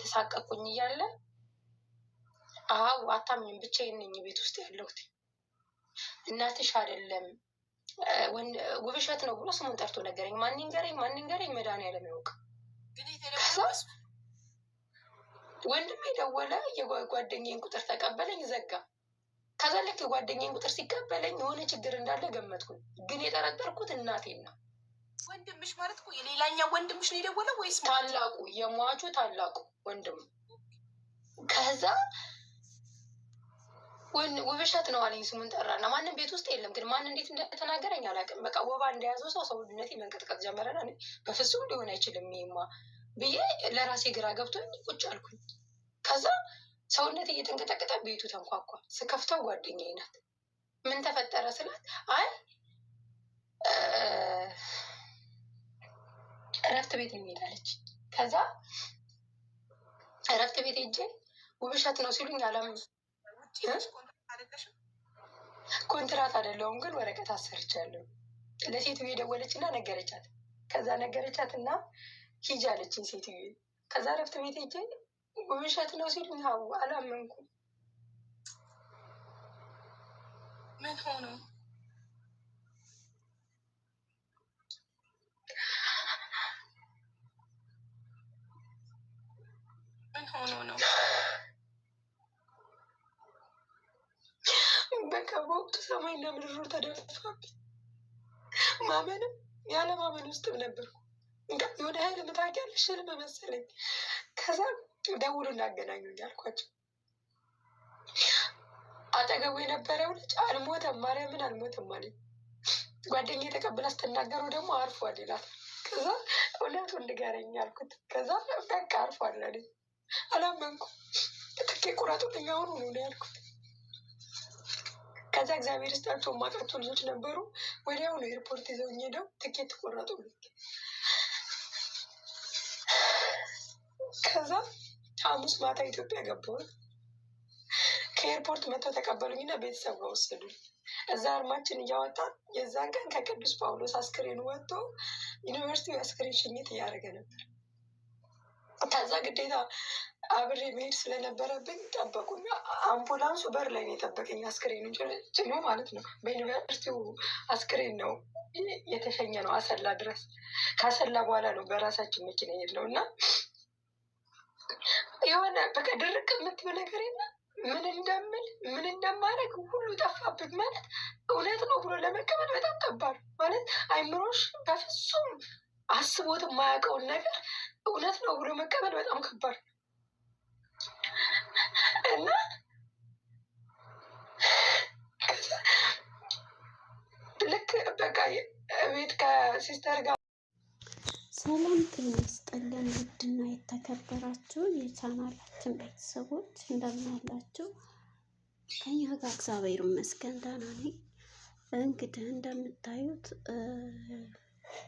ተሳቀቁኝ እያለ አዎ አታምኝም፣ ብቻዬን ነኝ ቤት ውስጥ ያለሁት እናትሽ አይደለም ውብሸት ነው ብሎ ስሙን ጠርቶ ነገረኝ። ማን ገረኝ ማን ገረኝ መድኃኒዓለም ያውቅ። ወንድሜ ደወለ፣ የጓደኛዬን ቁጥር ተቀበለኝ፣ ዘጋ። ከዛ ልክ የጓደኛዬን ቁጥር ሲቀበለኝ የሆነ ችግር እንዳለ ገመትኩኝ፣ ግን የጠረጠርኩት እናቴን ነው። ወንድምሽ ማለት እኮ የሌላኛው ወንድምሽ ነው የደወለው ወይስ ታላቁ የሟቹ ታላቁ ወንድም? ከዛ ውብሸት ነው አለኝ ስሙን ጠራና፣ ማንም ቤት ውስጥ የለም ግን ማን እንዴት እንደተናገረኝ አላውቅም። በቃ ወባ እንደያዘው ሰው ሰውነት መንቀጥቀጥ ጀመረና በፍጹም ሊሆን አይችልም ይማ ብዬ ለራሴ ግራ ገብቶኝ ቁጭ አልኩኝ። ከዛ ሰውነት እየተንቀጠቀጠ ቤቱ ተንኳኳ። ስከፍተው ጓደኛዬ ናት። ምን ተፈጠረ ስላት አይ እረፍት ቤት የሚሄዳለች። ከዛ እረፍት ቤት ሄጄ ውብሸት ነው ሲሉኝ አላም ኮንትራት አይደለሁም ግን ወረቀት አሰርቻለሁ። ለሴትዮ ደወለች እና ነገረቻት። ከዛ ነገረቻት እና ሂጂ አለችኝ ሴትዮ። ከዛ እረፍት ቤት ሄጄ ውብሸት ነው ሲሉኝ አላመንኩም። ምን ሆነው ሆኖ ነው? በቃ በወቅቱ ሰማይና ምድሩ ተደፋብኝ። ማመንም ያለ ማመን ውስጥም ነበርኩ። የሆነ ያህል ምታውቂያለሽ ህልም መሰለኝ። ከዛ ደውሉ እናገናኙኝ አልኳቸው። አጠገቡ የነበረው ልጅ አልሞተም፣ ማርያምን አልሞተም አለኝ። ጓደኛ የተቀብላ ስትናገረው ደግሞ አርፏል ይላል። ከዛ እውነቱን ንገረኝ አልኩት። ከዛ በቃ አርፏል አለኝ። አላመንኩም። ትኬ ቁራጡ ሆኖ ነው ያልኩት። ከዛ እግዚአብሔር ስጠርቶ ማቀርቶ ልጆች ነበሩ። ወዲያው ነው ኤርፖርት ይዘውኝ ሄደው ትኬት ቆረጡ። ከዛ ሐሙስ ማታ ኢትዮጵያ ገባሁኝ። ከኤርፖርት መጥተው ተቀበሉኝና ቤተሰብ ጋር ወሰዱኝ። እዛ አርማችን እያወጣ የዛን ቀን ከቅዱስ ጳውሎስ አስክሬን ወጥቶ ዩኒቨርሲቲ አስክሬን ሽኝት እያደረገ ነበር። ከዛ ግዴታ አብሬ መሄድ ስለነበረብኝ ጠበቁኝ። አምቡላንሱ በር ላይ ነው የጠበቀኝ። አስክሬን ጭኖ ማለት ነው። በዩኒቨርሲቲው አስክሬን ነው የተሸኘ ነው አሰላ ድረስ። ከአሰላ በኋላ ነው በራሳችን መኪና የለው እና የሆነ በቃ ድርቅ የምትብ ነገር የለ ምን እንደምል ምን እንደማድረግ ሁሉ ጠፋብኝ። ማለት እውነት ነው ብሎ ለመቀበል በጣም ከባድ ማለት አይምሮሽ በፍጹም አስቦት የማያውቀውን ነገር እውነት ነው ብሎ መቀበል በጣም ከባድ እና ልክ በቃ ቤት ከሲስተር ጋር ሰላም ጤና ይስጥልን። ውድና የተከበራችሁ የቻናላችን ቤተሰቦች እንደምን አላችሁ? ከኛ ጋር እግዚአብሔር ይመስገን ደህና ነኝ። እንግዲህ እንደምታዩት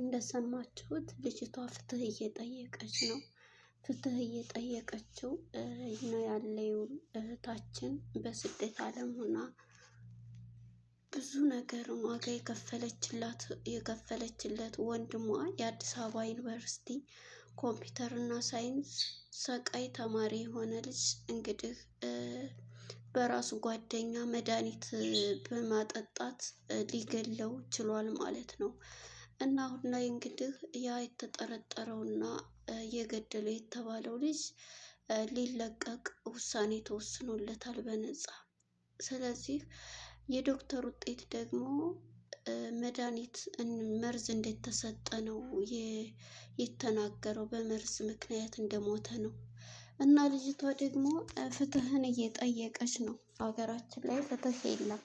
እንደሰማችሁት ልጅቷ ፍትህ እየጠየቀች ነው። ፍትህ እየጠየቀችው ነው ያለው። እህታችን በስደት ዓለም ሆና ብዙ ነገር ዋጋ የከፈለችላት የከፈለችለት ወንድሟ የአዲስ አበባ ዩኒቨርሲቲ ኮምፒውተር እና ሳይንስ ሰቃይ ተማሪ የሆነ ልጅ እንግዲህ በራሱ ጓደኛ መድኃኒት በማጠጣት ሊገለው ችሏል ማለት ነው። እና አሁን ላይ እንግዲህ ያ የተጠረጠረውና የገደለ የተባለው ልጅ ሊለቀቅ ውሳኔ ተወስኖለታል በነፃ። ስለዚህ የዶክተር ውጤት ደግሞ መድኃኒት መርዝ እንደተሰጠ ነው የተናገረው። በመርዝ ምክንያት እንደሞተ ነው። እና ልጅቷ ደግሞ ፍትህን እየጠየቀች ነው። ሀገራችን ላይ ፍትህ የለም።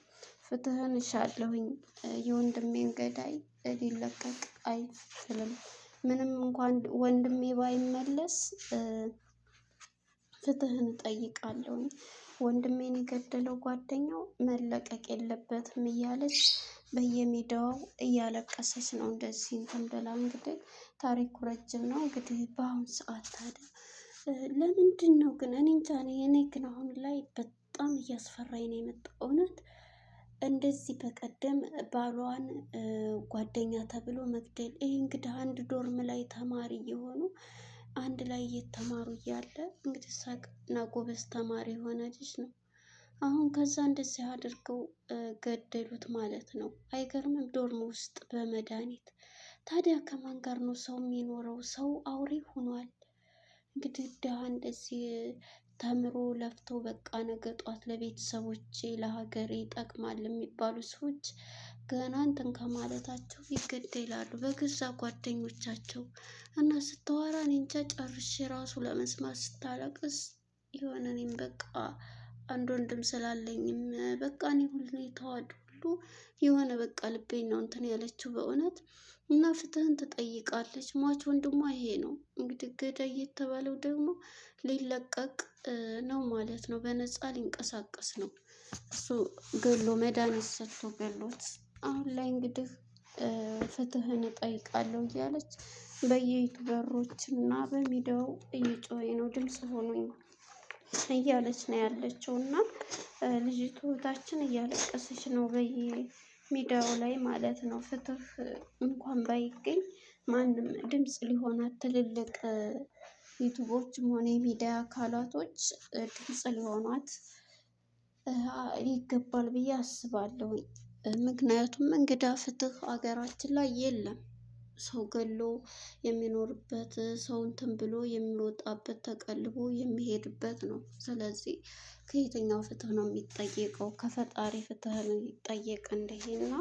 ፍትህን እሻለሁኝ የወንድሜን ገዳይ ሊለቀቅ አይችልም። ምንም እንኳን ወንድሜ ባይመለስ ፍትህን እጠይቃለሁ። ወንድሜን የገደለው ጓደኛው መለቀቅ የለበትም እያለች በየሜዳው እያለቀሰች ነው። እንደዚህ እንትን ብላ እንግዲህ ታሪኩ ረጅም ነው። እንግዲህ በአሁኑ ሰዓት ታዲያ ለምንድን ነው ግን እኔ እንጃ እኔ ግን አሁን ላይ በጣም እያስፈራኝ ነው የመጣው እውነት እንደዚህ በቀደም ባሏን ጓደኛ ተብሎ መግደል ይህ እንግዲህ አንድ ዶርም ላይ ተማሪ የሆኑ አንድ ላይ እየተማሩ እያለ እንግዲህ ሳቅና ጎበዝ ተማሪ የሆነ ልጅ ነው። አሁን ከዛ እንደዚህ አድርገው ገደሉት ማለት ነው። አይገርምም? ዶርም ውስጥ በመድኃኒት ታዲያ ከማን ጋር ነው ሰው የሚኖረው? ሰው አውሬ ሆኗል። እንግዲህ ድሃ እንደዚህ ተምሮ ለፍቶ በቃ ነገ ጧት ለቤተሰቦቼ ለሀገሬ ይጠቅማል የሚባሉ ሰዎች ገና እንትን ከማለታቸው ይገድ ይላሉ በገዛ ጓደኞቻቸው እና ስታወራ እኔ እንጃ ጨርሼ ራሱ ለመስማት ስታለቅስ የሆነ እኔም በቃ አንድ ወንድም ስላለኝም በቃ እኔ ሁሌ የሆነ በቃ ልቤን ነው እንትን ያለችው በእውነት እና ፍትህን ትጠይቃለች። ሟች ወንድሟ ይሄ ነው እንግዲህ ገዳይ የተባለው ደግሞ ሊለቀቅ ነው ማለት ነው። በነፃ ሊንቀሳቀስ ነው እሱ ገሎ መድኃኒት ሰጥቶ ገሎት አሁን ላይ እንግዲህ ፍትህን እጠይቃለሁ እያለች በየዩቱበሮች እና በሚዲያው እየጮኸ ነው ድምፅ ሆኖኝ እያለች ነው ያለችው እና ልጅቱ እህታችን እያለቀሰች ነው በየሚዲያው ላይ ማለት ነው። ፍትህ እንኳን ባይገኝ ማንም ድምፅ ሊሆናት ትልልቅ ዩቱቦችም ሆነ የሚዲያ አካላቶች ድምፅ ሊሆኗት ይገባል ብዬ አስባለሁ። ምክንያቱም እንግዳ ፍትህ ሀገራችን ላይ የለም። ሰው ገሎ የሚኖርበት ሰው እንትን ብሎ የሚወጣበት ተቀልቦ የሚሄድበት ነው። ስለዚህ ከየትኛው ፍትህ ነው የሚጠየቀው? ከፈጣሪ ፍትህ ነው ይጠየቅ እንደሄና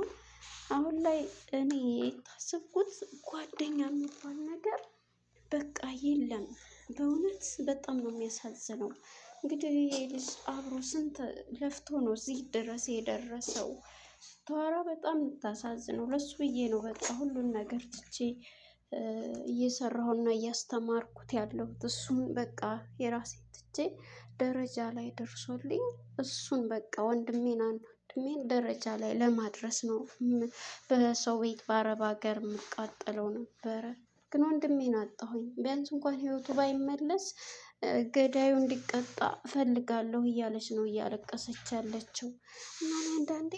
አሁን ላይ እኔ የታሰብኩት ጓደኛ የሚባል ነገር በቃ የለም። በእውነት በጣም ነው የሚያሳዝነው። እንግዲህ ይሄ ልጅ አብሮ ስንት ለፍቶ ነው እዚህ ድረስ የደረሰው። ስታወራ በጣም የምታሳዝነው ለሱ ብዬ ነው። በቃ ሁሉን ነገር ትቼ እየሰራሁና እያስተማርኩት ያለሁት እሱን በቃ የራሴ ትቼ ደረጃ ላይ ደርሶልኝ እሱን በቃ ወንድሜን ወንድሜን ደረጃ ላይ ለማድረስ ነው በሰው ቤት በአረብ ሀገር የምቃጠለው ነበረ። ግን ወንድሜን አጣሁኝ። ቢያንስ እንኳን ህይወቱ ባይመለስ ገዳዩ እንዲቀጣ እፈልጋለሁ እያለች ነው እያለቀሰች ያለችው። እና አንዳንዴ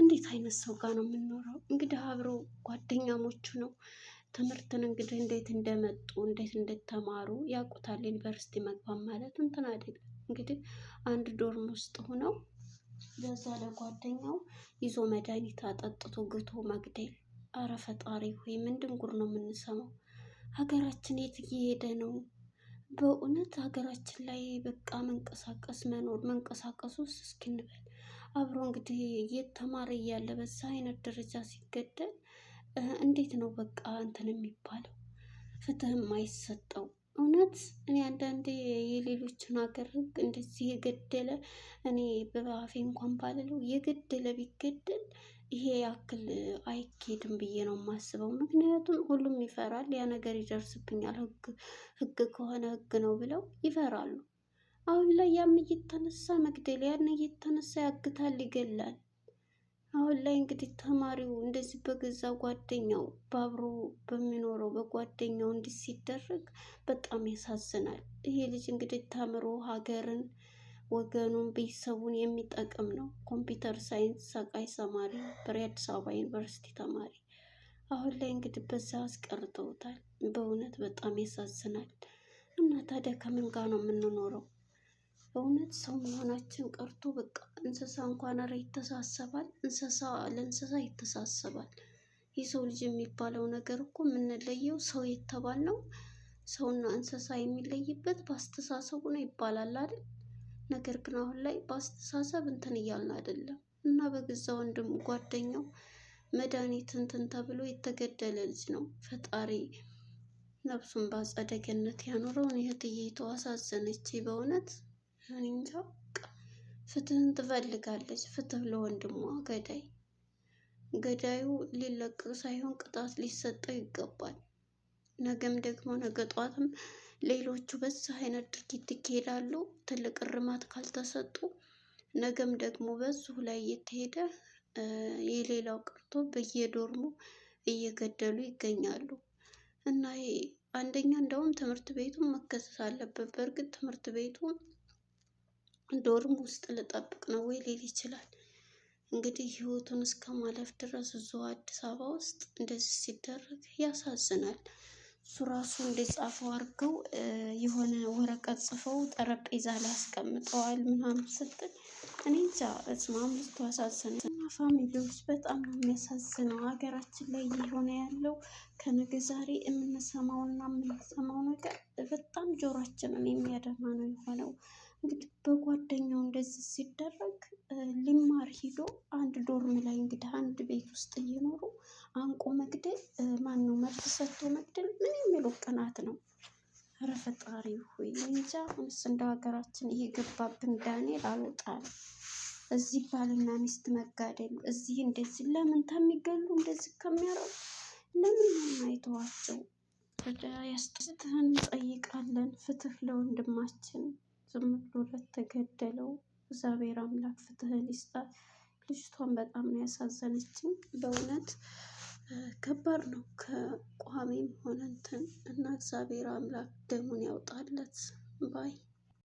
እንዴት አይነት ሰው ጋር ነው የምኖረው እንግዲህ አብሮ ጓደኛሞቹ ነው። ትምህርትን እንግዲህ እንዴት እንደመጡ እንዴት እንደተማሩ ያውቁታል። ዩኒቨርሲቲ መግባት ማለት እንትን አይደለም እንግዲህ አንድ ዶርም ውስጥ ሆነው በዛ ለጓደኛው ይዞ መድኃኒት አጠጥቶ ግቶ መግደል። አረ ፈጣሪ ሆይ ምንድን ጉር ነው የምንሰማው? ሀገራችን የት እየሄደ ነው? በእውነት ሀገራችን ላይ በቃ መንቀሳቀስ መኖር መንቀሳቀሱ ውስጥ እስኪንበል አብሮ እንግዲህ እየተማረ እያለ በዛ አይነት ደረጃ ሲገደል እንዴት ነው በቃ እንትን የሚባለው ፍትህም አይሰጠው? እውነት እኔ አንዳንዴ የሌሎችን ሀገር ህግ እንደዚህ የገደለ እኔ በባፌ እንኳን ባልለው የገደለ ቢገደል ይሄ ያክል አይኬድም ብዬ ነው የማስበው። ምክንያቱም ሁሉም ይፈራል፣ ያ ነገር ይደርስብኛል፣ ህግ ከሆነ ህግ ነው ብለው ይፈራሉ። አሁን ላይ ያም እየተነሳ መግደል፣ ያን እየተነሳ ያግታል፣ ይገላል። አሁን ላይ እንግዲህ ተማሪው እንደዚህ በገዛ ጓደኛው በአብሮ በሚኖረው በጓደኛው እንዲህ ሲደረግ በጣም ያሳዝናል። ይሄ ልጅ እንግዲህ ተምሮ ሀገርን ወገኑን ቤተሰቡን የሚጠቅም ነው። ኮምፒውተር ሳይንስ ሰቃይ ተማሪ ነበር፣ የአዲስ አበባ ዩኒቨርሲቲ ተማሪ። አሁን ላይ እንግዲህ በዛ አስቀርተውታል። በእውነት በጣም ያሳዝናል። እና ታዲያ ከምን ጋር ነው የምንኖረው? በእውነት ሰው መሆናችን ቀርቶ በቃ እንስሳ እንኳን ኧረ ይተሳሰባል። እንስሳ ለእንስሳ ይተሳሰባል። የሰው ልጅ የሚባለው ነገር እኮ የምንለየው ሰው ነው። ሰውና እንስሳ የሚለይበት በአስተሳሰቡ ነው ይባላል አይደል? ነገር ግን አሁን ላይ በአስተሳሰብ እንትን እያልን አይደለም እና በገዛ ወንድም ጓደኛው መድኃኒት እንትን ተብሎ የተገደለ ልጅ ነው። ፈጣሪ ነፍሱን በአጸደ ገነት ያኑረውን። እህትዬቱ አሳዘነች በእውነት እኔ እንጃ። ፍትህን ትፈልጋለች፣ ፍትህ ለወንድሟ ገዳይ። ገዳዩ ሊለቀቅ ሳይሆን ቅጣት ሊሰጠው ይገባል። ነገም ደግሞ ነገ ጠዋትም ሌሎቹ በዛ አይነት ድርጊት ይካሄዳሉ። ትልቅ እርማት ካልተሰጡ ነገም ደግሞ በዚሁ ላይ እየተሄደ የሌላው ቀርቶ በየዶርሙ እየገደሉ ይገኛሉ። እና ይሄ አንደኛ እንደውም ትምህርት ቤቱን መከሰስ አለበት። በእርግጥ ትምህርት ቤቱ ዶርም ውስጥ ልጠብቅ ነው ወይ ሊል ይችላል። እንግዲህ ህይወቱን እስከ ማለፍ ድረስ እዚሁ አዲስ አበባ ውስጥ እንደዚህ ሲደረግ ያሳዝናል። እሱ ራሱ እንደጻፈው አድርገው የሆነ ወረቀት ጽፈው ጠረጴዛ ላይ አስቀምጠዋል ምናምን ስትል እኔ እንጃ እስማም ልትዋሳዝን እና ፋሚሊዎች በጣም ነው የሚያሳዝነው። ሀገራችን ላይ እየሆነ ያለው ከነገ ዛሬ እና የምንሰማው ነገር በጣም ጆሯችንን የሚያደማ ነው የሆነው። እንግዲህ በጓደኛው እንደዚህ ሲደረግ ይዞ አንድ ዶርም ላይ እንግዲህ አንድ ቤት ውስጥ እየኖሩ አንቆ መግደል ማን ነው መብት ሰጥቶ መግደል ምን የሚለው ቅናት ነው? ኧረ ፈጣሪ ሆይ እንጃ። አሁንስ እንደ ሀገራችን ይሄ ገባብን። ዳንኤል አልወጣም። እዚህ ባልና ሚስት መጋደል እዚህ እንደዚህ ለምን ከሚገሉ እንደዚህ ከሚያረጉ ለምን አይተዋቸው? ያስደስትህን እንጠይቃለን። ፍትህ ለወንድማችን ዝም ብሎ ለተገደለው እግዚአብሔር አምላክ ፍትህን ይስጣል። ልጅቷን በጣም ነው ያሳዘነችኝ። በእውነት ከባድ ነው ከቋሚም ሆነ እንትን እና እግዚአብሔር አምላክ ደሙን ያውጣለት ባይ